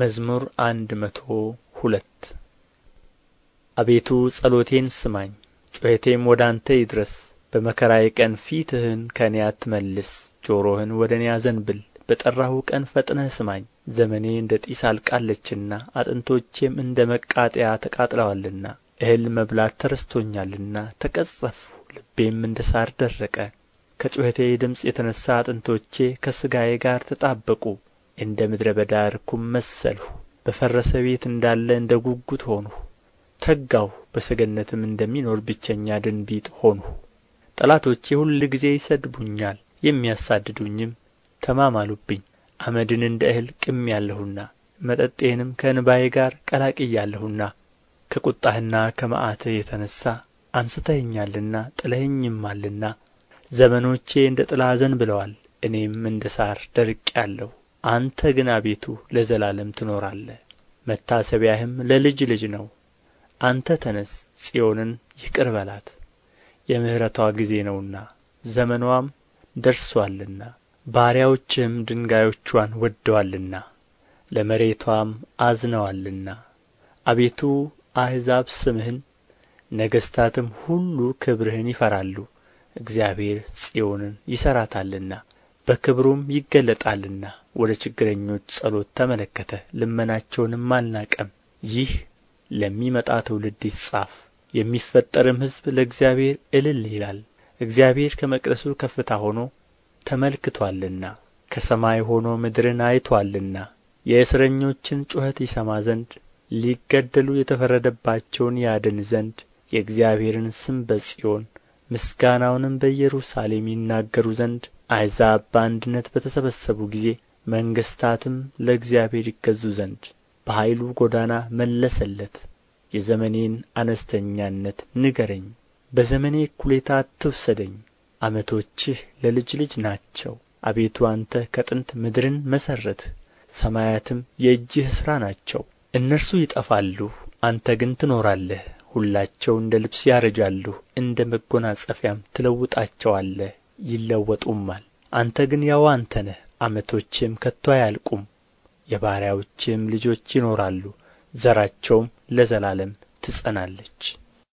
መዝሙር አንድ መቶ ሁለት አቤቱ ጸሎቴን ስማኝ፣ ጩኸቴም ወደ አንተ ይድረስ። በመከራዬ ቀን ፊትህን ከእኔ አትመልስ፣ ጆሮህን ወደ እኔ አዘንብል። በጠራሁ ቀን ፈጥነህ ስማኝ። ዘመኔ እንደ ጢስ አልቃለችና አጥንቶቼም እንደ መቃጠያ ተቃጥለዋልና እህል መብላት ተረስቶኛልና ተቀጸፉ ልቤም እንደ ሳር ደረቀ። ከጩኸቴ ድምፅ የተነሣ አጥንቶቼ ከሥጋዬ ጋር ተጣበቁ። እንደ ምድረ በዳ እርኩም መሰልሁ በፈረሰ ቤት እንዳለ እንደ ጉጉት ሆንሁ ተጋሁ በሰገነትም እንደሚኖር ብቸኛ ድንቢጥ ሆንሁ ጠላቶቼ ጊዜ ይሰድቡኛል የሚያሳድዱኝም ተማማሉብኝ አመድን እንደ እህል ያለሁና መጠጤንም ከእንባዬ ጋር ቀላቅያለሁና ከቁጣህና ከመዓትህ የተነሣ አንስተኸኛልና ጥለኸኝማልና ዘመኖቼ እንደ ጥላ ብለዋል እኔም እንደ ደርቅ ደርቄአለሁ አንተ ግን አቤቱ ለዘላለም ትኖራለህ መታሰቢያህም ለልጅ ልጅ ነው አንተ ተነስ፣ ጽዮንን ይቅር በላት የምሕረትዋ ጊዜ ነውና ዘመንዋም ደርሶአልና ባሪያዎችህም ድንጋዮችዋን ወደዋልና ለመሬቷም አዝነዋልና አቤቱ አሕዛብ ስምህን ነገሥታትም ሁሉ ክብርህን ይፈራሉ እግዚአብሔር ጽዮንን ይሠራታልና በክብሩም ይገለጣልና ወደ ችግረኞች ጸሎት ተመለከተ ልመናቸውንም አልናቀም ይህ ለሚመጣ ትውልድ ይጻፍ የሚፈጠርም ሕዝብ ለእግዚአብሔር እልል ይላል እግዚአብሔር ከመቅደሱ ከፍታ ሆኖ ተመልክቶአልና ከሰማይ ሆኖ ምድርን አይቶአልና የእስረኞችን ጩኸት ይሰማ ዘንድ ሊገደሉ የተፈረደባቸውን ያድን ዘንድ የእግዚአብሔርን ስም በጽዮን ምስጋናውንም በኢየሩሳሌም ይናገሩ ዘንድ አሕዛብ በአንድነት በተሰበሰቡ ጊዜ መንግሥታትም ለእግዚአብሔር ይገዙ ዘንድ በኃይሉ ጐዳና መለሰለት የዘመኔን አነስተኛነት ንገረኝ በዘመኔ እኵሌታ አትውሰደኝ ዓመቶችህ ለልጅ ልጅ ናቸው አቤቱ አንተ ከጥንት ምድርን መሠረትህ ሰማያትም የእጅህ ሥራ ናቸው እነርሱ ይጠፋሉ አንተ ግን ትኖራለህ ሁላቸው እንደ ልብስ ያረጃሉ እንደ መጐናጸፊያም ትለውጣቸዋለህ ይለወጡማል አንተ ግን ያው አንተ ነህ ዓመቶችህም ከቶ አያልቁም የባሪያዎችህም ልጆች ይኖራሉ ዘራቸውም ለዘላለም ትጸናለች